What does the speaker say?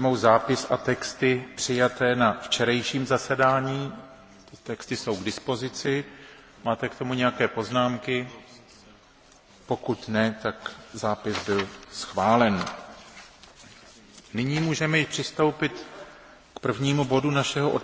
Přijmou zápis a texty přijaté na včerejším zasedání. Ty texty jsou k dispozici. Máte k tomu nějaké poznámky? Pokud ne, tak zápis byl schválen. Nyní můžeme přistoupit k prvnímu bodu našeho odpoledního